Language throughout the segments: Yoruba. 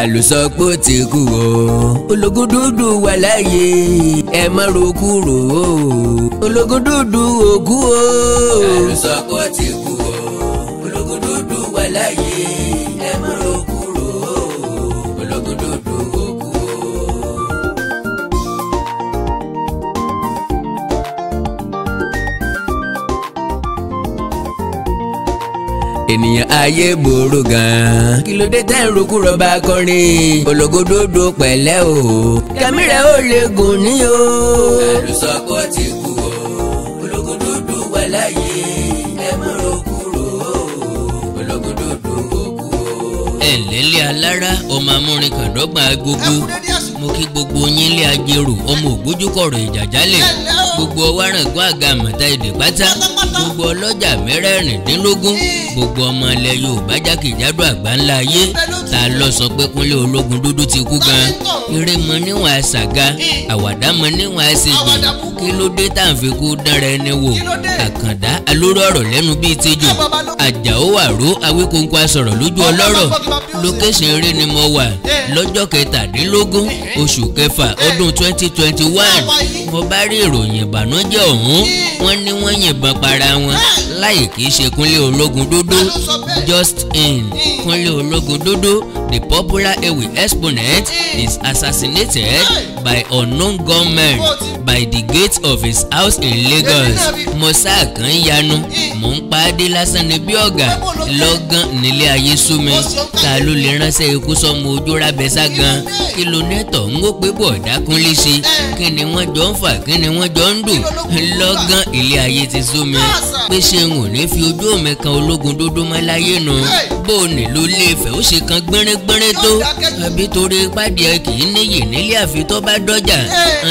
ta sọ pé ó ti kú o ológun dúdú wà láàyè ẹ má rokú rò ó ológun dúdú òkú o. ta ló sọ pé ó ti kú o ológun dúdú wà láàyè. ènìyàn ayé burú gan. kí ló dé tẹ́ ń rokú rọba akọrin ológododo pẹ̀lẹ́ o kẹ́mi rẹ̀ ó lè gùn ní o. àlùsọ̀kọ ti kú o ológododo wà láyé ẹ o ológododo ó kú o. ẹ̀lẹ́lẹ́ alára ọmọ amúrin kàndọ́gbà gbogbo mo kí gbogbo yín lé ajérò ọmọ ògbójúkọ̀rọ̀ ìjàjálẹ̀ gbogbo ọwárangún àga àmọ̀tá èdè pátá gbogbo ọlọ́jà mẹ́rẹ̀ẹ̀rìndínlógún gbogbo ọmọ ilẹ̀ Yorùbá jákèjádò àgbáńlá ayé ta lọ sọ pé kúnlé ológun dúdú ti kú gan eré mọ níwọ̀n àṣàga àwàdà mọ níwọ̀n àṣègbè kí ló dé tá à ń fi kú dánra ẹni wò àkàndá alóró ọ̀rọ̀ lẹ́nu bíi tejò àjàó àró awíkóńkó asọ̀rọ̀ lójú ọlọ́rọ̀ lókèṣìn eré ni mo wà lọ́jọ́ kẹtàdínlógún oṣù kẹfà ọdún twenty twenty one mo bá rí ìròyìn ìbànújẹ́ ọ̀hún wọ́n ní wọ́n yìnbọn para wọn láì kìí ṣe kúnlé ológun dúdú just in kúnlé ológo dódó the popular Ewi exponent is assassinated by unknown gunmen by the gate of his house in Lagos musa kan yanu mò ń pàdé lásán ni bí ọ̀gá lọ́gán nílé ayé sú mi ta ló lè ránṣẹ́ ikú sọ́mọ ojú rábẹ́sà gan kí ló nẹ́tọ̀ ń wó pé bọ̀dá kún lè kí ni wọ́n jọ ń fà kí ni wọ́n jọ ń dùn lọ́gán ilé ayé ti sú pé ṣé n ò ní fi ojú òmìkan ológun dúdú mọ́ láyé nù bó nílò ilé Ifẹ̀ ó ṣe kan gbẹ́rẹ́gbẹ́rẹ́ tó àbí torí pàdé kì í níyì nílé àfi bá dọ́jà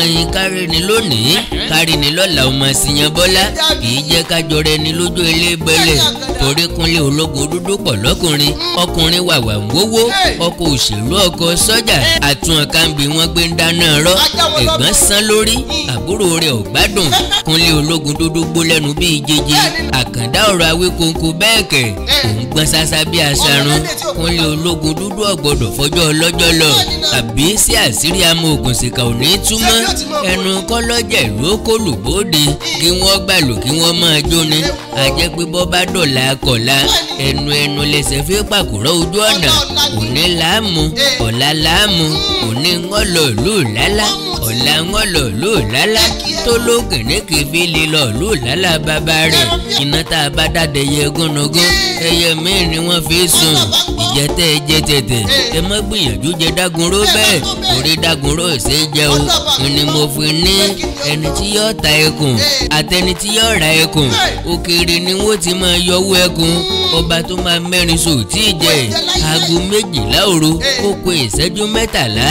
ẹ̀yin kárí ni lónìí kárí ni lọ́la ọmọ síyan bọ́lá kì í jẹ́ kájọ rẹ ni lójú ilé bẹ́lẹ̀ torí kúnlé ológun dúdú pọ̀ lọ́kùnrin hmm. ọkùnrin wàwà ń wówó ọkọ̀ òṣèlú ọkọ̀ sọ́jà àtúnọ̀ká ń bi wọ́n gbé ń dáná rọ́ ẹ̀gbọ́n sán lórí hmm. àbúrò rẹ̀ ò gbádùn kúnlé ológun dúdú gbó lẹ́nu bíi jẹjẹ àkàndá ọ̀rọ̀ awé kónkó bẹ́ẹ̀ kẹ̀ òun gbọ́n sásá bíi àṣàrùn kúnlẹ̀ ológun dúdú ọ̀gbọ́dọ̀ fọjọ́ ọlọ́jọ́ lọ tàbí sí àṣírí amóògùn ṣìkà ò ní túmọ̀ ẹnu kọ́lọ́jẹ̀ ló kọlù bóde kí wọ́n gbàlù kí wọ́n máa jóni àjẹ́ pé bọ́ bá dọ̀la kọ̀la ẹnu ẹnu lẹ́sẹ̀ fi pàkúrọ̀ ojú ọ̀nà òní làámu ọ̀la làámu òní ńgọ́ ìlú lálá ọ̀la ńgọ́ ìlú lálá tó lóògùn ní kìfì lílọ ìlú lálá bàbá rẹ̀ iná tá a bá dàdé yẹ gúnugún ẹyẹ míì ni wọ́n fi jésù ìjẹtẹ jẹtẹtẹ ẹ mọ gbìyànjú jẹ dagunro bẹ́ẹ̀ torí dagunro ṣe jẹ o ni mo fi ní ẹni tí yóò ta ẹkùn àtẹni tí yóò ra ẹkùn òkèèrè ni wọ́n ti máa yọwọ́ ẹkùn hmm. ọba tó máa mẹ́rin sò tí ì jẹ aago méjìlá òru ó kó ìṣẹ́jú mẹ́tàlá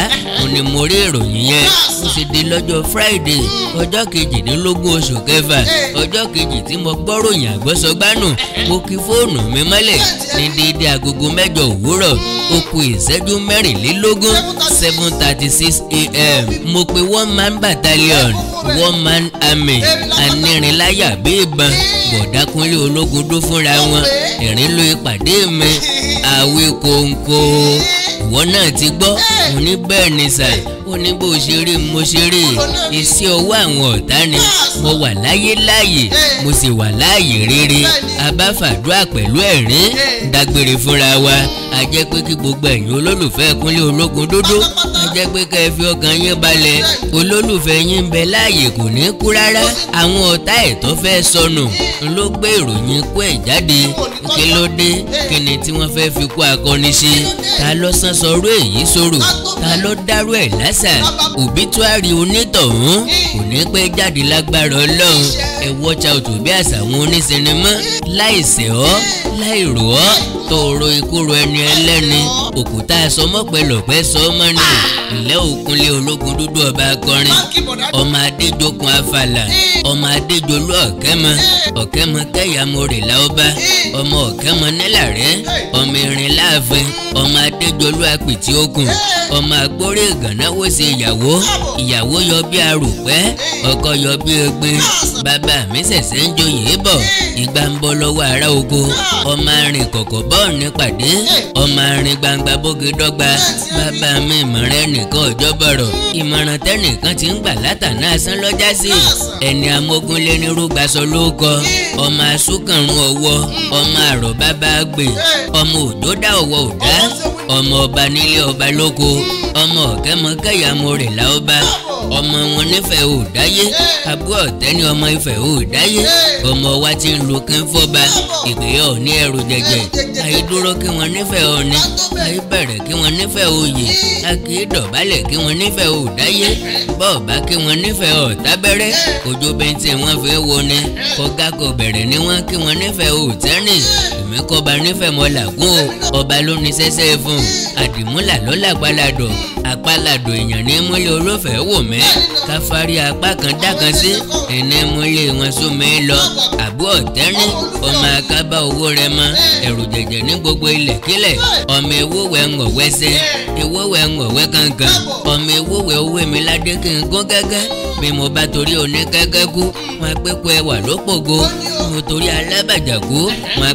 ni mo rí ìròyìn yẹn ó sì di lọ́jọ́ friday hmm. ọjọ́ kejìdínlógún oṣù kẹfà ọjọ́ kejì tí mo gbọ́ ròyìn àgbọ́sọgbánù mo kí fóònù mi mọ́lẹ̀ nídìí déédé agogo mẹ́jọ òwúrọ̀ ó kù ìṣẹ́jú mẹ́rìnlélógún seven thirty six a.m. mo pe one man battalion one man army anírinláyà bí ìbọn bọ̀dákúnlé ológun dó fúnra wọn ìrìnlú ìpàdé mi àwí kòǹkò ìwọ náà ti gbọ́ mo ní bẹ́ẹ̀ ni sà ó ní bó ṣe rí mo ṣe rí iṣẹ́ ọwọ́ àwọn ọ̀tá ni mo wà láyé láàyè mo sì wà láàyè rere abáfàdúrà pẹ̀lú ẹ̀rín dágbére fúnra wa a jẹ́ pé kí gbogbo ẹ̀yin olólùfẹ́ Kúnlé Ológundódó jẹ́ pé kẹ́ ẹ fi ọkàn yín balẹ̀ olólùfẹ́ yín ń bẹ láàyè kò ní kú rárá àwọn ọ̀tá ẹ̀ tó fẹ́ sọnù ló gbé ìròyìn kú ẹ̀ jáde kí ló dé kí ni tí wọ́n fẹ́ fi kú akọni ṣe ta ló sán sọrú èyí sòrò ta ló dárú ẹ̀ lásà òbítúárì onítọ̀hún kò ní pẹ́ jáde lágbára ọlọ́run ẹ watch out bí àṣà àwọn onísinimá láì sẹ̀ ọ́ láì rò ọ́ tòòrò ìkóró ẹni ẹlẹ́ni òkúta sọmọ́pẹ̀lọpẹ́ sọmọ́ni ìlẹ́ òkunlé ológun dúdú ọba akọrin ọmọ adéjokun afàlà ọmọ adéjolú ọ̀kẹ́mọ ọ̀kẹ́mọ kẹ́yàmórè láọba ọmọ ọ̀kẹ́mọ nílàrẹ́ ọmọ irin láàfin ọmọ adéjolú apìtì okùn ọmọ agbórí ìgànnáwó ṣe ìyàwó ìyàwó yọ bí arùpẹ́ ọkọ yọ bí egbin bàbá bàbá mi ṣẹ̀ṣẹ̀ ń joyè bọ̀ ìgbà ń bọ́ lọ́wọ́ ara ogo ọmọ arìn kọ̀kọ̀ bọ́ọ̀nì pàdé ọmọ arìn gbangba bóge dọ́gba bàbá mi ìmọ̀ràn ẹnìkan ọjọ́ bọ̀rọ̀ ìmọ̀ràn tẹ́nìkan ti ń gbà látàná asán lọ́jà sí ẹni amógún lé ní rúgbàsọ lóko ọmọ asúkànrún ọwọ́ ọmọ àrọ̀ bàbá gbè ọmọ òjò dá ọwọ́ òdá ọmọ ọba nílé ọba lóko ọmọ ọ̀kẹ́mọkẹ́yà mo rè láọba ọmọ wọn nífẹ̀ẹ́ ò dáyé abú ọ̀tẹ́ ni ọmọ Ifẹ̀ ò dáyé ọmọ wa ti ń lo kán fọ́ba ìgbéyàwó ní ẹrù jẹjẹ àìdúró kí wọn nífẹ̀ẹ́ ọ̀ni àìbẹ̀rẹ̀ kí wọn nífẹ̀ẹ́ òye a kì í dọ̀bálẹ̀ kí wọn nífẹ̀ẹ́ ò dáyé bọ́ọ̀bá kí wọn nífẹ̀ẹ́ ọ̀tá bẹ́rẹ́ òjò bẹ́ntì wọn fi wo ni kọ́gá kò bẹ̀rẹ̀ ni wọn kí wọn nífẹ̀ẹ́ ò tẹ́rìn ìmẹ́kọba nífẹ̀ẹ́ làgùn o ọba ló ní sẹ́sẹ́ fún o àdìmúlà ló làgbàládọ̀ àpàlàdọ̀ èèyàn ní múlẹ̀ olófẹ́ wò mẹ́ káfárí apá kan dákan sí ẹ̀ní múlẹ̀ wọn súnmọ́ ẹ lọ àbú ọ̀tẹ́rì ọmọ akábá owó rẹ mọ ẹ̀rù jẹ̀jẹ̀ ní gbogbo ilẹ̀ kílẹ̀ ọmọ ewúwẹ̀ ń wọ̀wẹ́ sẹ́ ewúwẹ̀ ń wọ̀wẹ́ kankan ọmọ ewúwẹ̀ owó mi ládé kí n gún gẹ́gẹ́ bí mo bá torí oníkẹ́kẹ́ kú wọn pẹ́kọ̀ ẹwà ló pògo mo torí alábàjá kú wọn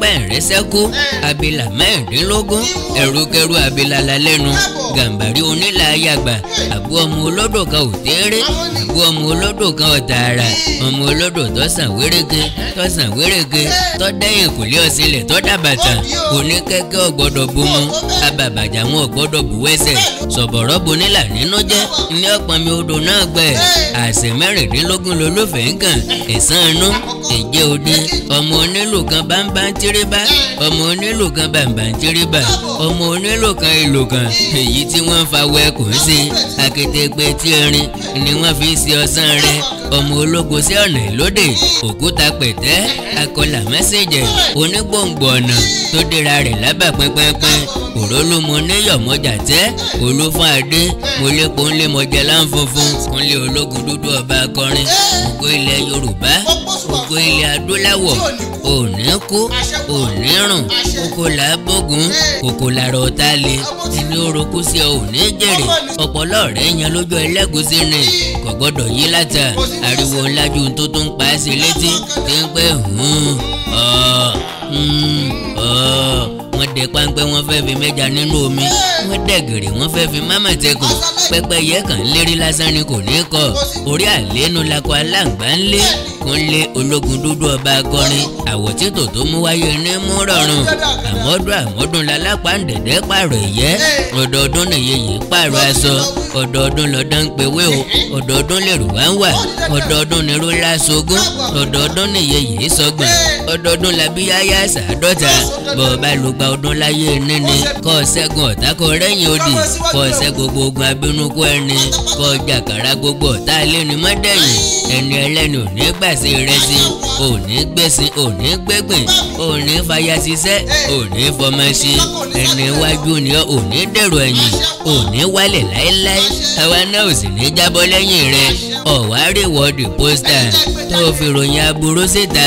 pẹ́kọ̀ mẹ́ẹ̀ẹ́dógún abìlà mẹ́ẹ̀ẹ́dínlógún ẹ̀rùkẹ̀rù abìlà lálẹ́nu gàǹbàrí onílà ayàgbà àbú ọmọ olódò kan òtẹ́rẹ́ àbú ọmọ olódò kan ọ̀tààrà ọmọ olódò tọ́sàn wéréke tọ́sàn wéréke tọ́dẹ́yìn kò lé ọ̀sìnlẹ̀ tọ́dàbàtà oníkẹ́kẹ́ ọ̀gbọ́dọ̀ bomu abàbàjà wọn ọ̀gbọ́dọ̀ buwẹ́sẹ̀ sọ̀bọ̀rọ̀ bonílà nínú jẹ́ ní ọ̀pọ̀nmi odò náà gbẹ àṣẹ mẹ́rìndínlógún lolófẹ́ nǹkan ẹ̀sán inú ìjẹ́ òde ọmọ onílù kan bá ń bá ọmọ onílù kan bàǹbà ń tiri bà ọmọ onílù kan ìlù kan èyí tí wọ́n fa wẹ́kùn sí akétégbé tí erin ni wọ́n fi ṣe ọsán rẹ̀ ọmọ ológo sí ọ̀nà ìlódè òkúta pẹ̀tẹ́ akọlà mẹ́sẹ̀jẹ̀ onígbòǹgbò ọ̀nà tó dira rẹ̀ lábà pẹ́pẹ́pẹ́ òrólùmọ níyọ̀mọ́jà tẹ́ olúfọ́n adé mọ̀lẹ́pọ̀ ńlẹ́mọ̀jẹ̀ láǹfunfun kúnlẹ̀ ológun dúdú ọba akọrin ògo ilẹ̀ yorùbá gbogbo ilẹ̀ adúláwọ̀ òní kú òní rùn kòkò làbógun kòkò làrọ̀ tá a lè ẹni orokú sí ẹ òní jèrè ọpọlọ rẹ yan lójú ẹlẹ́gùsí ni kò gbọ́dọ̀ yí láta ariwo ńlájú tó tún pa á sí létí tí ń pẹ́ wọ́n dẹ páńpẹ́ wọ́n fẹ́ fi mẹ́ja nínú omi wọ́n dẹ gèrè wọ́n fẹ́ fi mámà tẹkùn pẹ́pẹ́yẹ kan lérí lásán ni kò ní kọ orí àlénu lakọ aláǹgbá ńlé kúnlé ológun dúdú ọba akọrin àwọ̀ títò tó mú wáyé ní mú rọrùn àmọ́dún àmọ́dún lalápá ń dẹ̀dẹ́ pààrọ̀ ìyẹ́ ọdọọdún nìyẹn yìí pààrọ̀ aṣọ ọdọọdún lọ́dọ̀ ń pèwé o ọdọọdún lèrò wá ń wà ọdọọdún nírú lásogún ọdọọdún nìyẹn yìí sọgbọ̀n ọdọọdún làbí yáyá sàádọ́ta bọ̀ọ̀bá ló gba ọdún láyé níní kọ́ ṣẹ́gun ọ̀tá kọ rẹ́yìn odì kọ́ ṣẹ́ gbogbo ogun abínú kú ẹni kọ́ jàkàrà gbogbo ọ̀tá ráìsì ìrẹsì òní gbèsè òní gbẹ̀gbìn òní fàyà ṣiṣẹ́ òní fọmọ ṣe ẹni wájú ni ọ òní dèrò ẹ̀yìn òní wálẹ̀ láéláé àwa náà ò sì ní jábọ́ lẹ́yìn rẹ ọ̀wárí wọ́ọ̀dì pósítà tó fi ròyìn aburú síta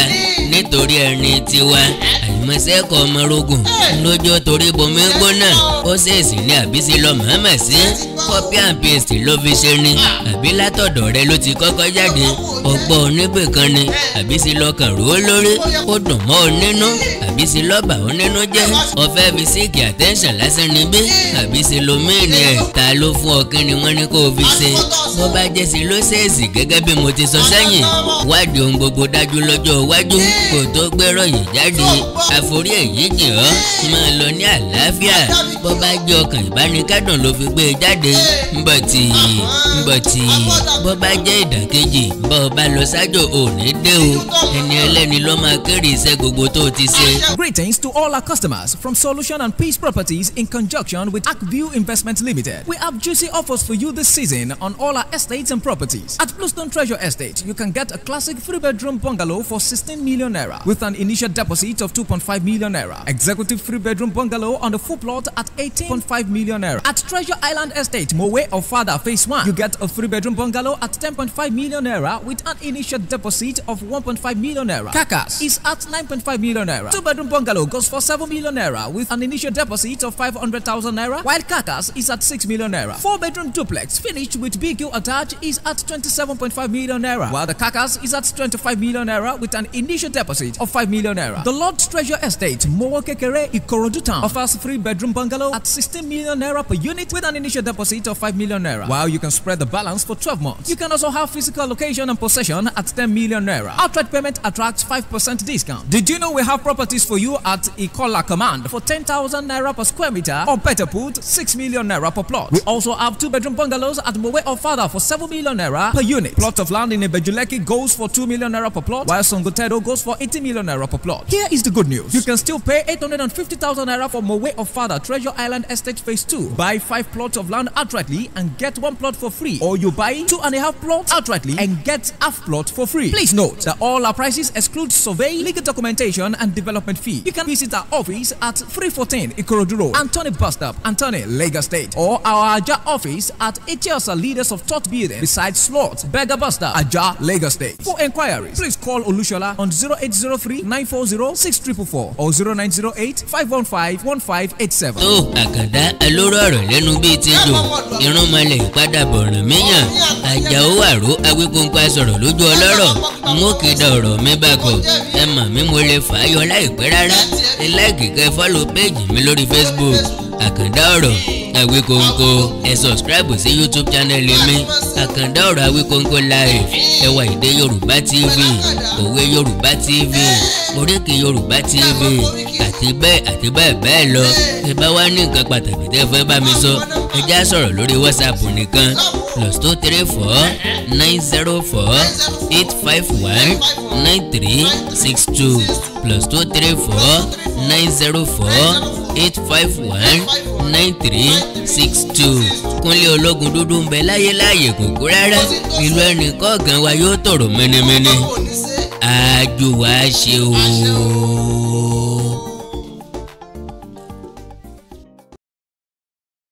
nítorí ẹni tiwa àìmọ̀sẹ́kọ̀ ọmọrogùn lójó torí bomi gbóná ó ṣèèṣì ní àbísí lọ màmá sí copy and paste ló fi ṣe ni àbí látọ̀dọ̀ rẹ ló ti kọ́kọ́ jáde ọgbọ́n oníbìkan kan ni àbísí lọ́kàn rò ó lórí ó dùn mọ́ ọ nínú àbísí lọ́bà ó nínú jẹ́ ọ̀fẹ́ fi síkì attention lásán ni bí àbísí lomíìnì ẹ̀ ta ló fún ọkàn ni wọ́n ní kó o fi ṣe bó bá jẹ́ sí lóṣèṣì gẹ́gẹ́ bí mo ti sọ sẹ́yìn wádìí ohun gbogbo dájú lọ́jọ́ iwájú kò tó gbẹ́rọ̀ yìí jáde àforí èyí jì ọ́ máa lọ ní àlàáfíà bó bá jẹ́ ọkàn ìbánikẹ́dùn ló fi gbé e jáde ńbọ̀tì ńbọ̀tì bó bá jẹ́ ìdàkejì bó bá lọ sájò ò Greetings to all our customers from Solution and Peace Properties in conjunction with Akview Investment Limited. We have juicy offers for you this season on all our estates and properties. At Bluestone Treasure Estate, you can get a classic three-bedroom bungalow for 16 million naira with an initial deposit of 2.5 million naira. Executive three-bedroom bungalow on the full plot at 18.5 million naira. At Treasure Island Estate, Mowe or Father Phase 1, you get a three-bedroom bungalow at 10.5 million naira with an initial deposit seat of 1.5 million naira. Kakas is at 9.5 million naira. Two bedroom bungalow goes for 7 million naira with an initial deposit of 500,000 naira, while Kakas is at 6 million naira. Four bedroom duplex finished with BQ attached is at 27.5 million naira, while the Kakas is at 25 million naira with an initial deposit of 5 million naira. The Lord Treasure Estate, Mowokekere, Ikorodu Town offers three bedroom bungalow at 16 million naira per unit with an initial deposit of 5 million naira, while you can spread the balance for 12 months. You can also have physical location and possession at 10 million naira. Outright payment attracts 5% discount. Did you know we have properties for you at Ikola Command for 10,000 naira per square meter or better put 6 million naira per plot. We also have two bedroom bungalows at Mowe or Father for 7 million naira per unit. Plot of land in Ebejuleki goes for 2 million naira per plot while Songotedo goes for 80 million naira per plot. Here is the good news. You can still pay 850,000 naira for Mowe or Father Treasure Island Estate Phase 2. Buy 5 plots of land outrightly and get 1 plot for free or you buy 2 and a half plots outrightly and get half plot for free. free. Please note that all our prices exclude survey, legal documentation, and development fee. You can visit our office at 314 Ikorodu Road, Anthony Bus Stop, Anthony, Lagos State, or our Aja office at Etiosa Leaders of Thought Building beside Slot, Beggar Buster, Stop, Aja, Lagos State. For inquiries, please call Olushola on 0803 940 6444 or 0908 515 1587. Tó àkàndá alóró ọ̀rọ̀ lẹ́nu bíi ti jò, irun mọlẹ̀ ìpadàbọ̀ràn míyàn, àjà ó wàró awípọ̀npa sọ̀rọ̀ lójú mo kì í dọ̀rọ̀ mi bá kọ̀ ẹ mọ̀ mi mo lè fà á yọ láìpẹ́ rárá ẹ láìkì kẹ́ fọ́lọ̀ péjì mi lórí Facebook àkàndá ọ̀rọ̀ àwíkóńkó ẹ sọ̀sìkírábù sí YouTube channel mi àkàndá ọ̀rọ̀ àwíkóńkó live ẹ wá ìdè Yorùbá TV òwe Yorùbá TV oríkì Yorùbá TV àti bẹ́ẹ̀ àti bẹ́ẹ̀ bẹ́ẹ̀ lọ ẹ bá wá ní nǹkan pàtàkì tẹ́ fẹ́ bá mi sọ ẹ já sọ̀rọ̀ lórí WhatsApp nìkan plus two three four nine zero four eight five one nine three six two plus two three four nine zero four eight five one nine three six two kúnlé ológun dúdú ń bẹ láyé láàyè kúkú rárá ìlú ẹnì kọ̀ọ̀kan wa yóò tòrò mẹ́nẹ́mẹ́nẹ́ àjò wa ṣe ooo.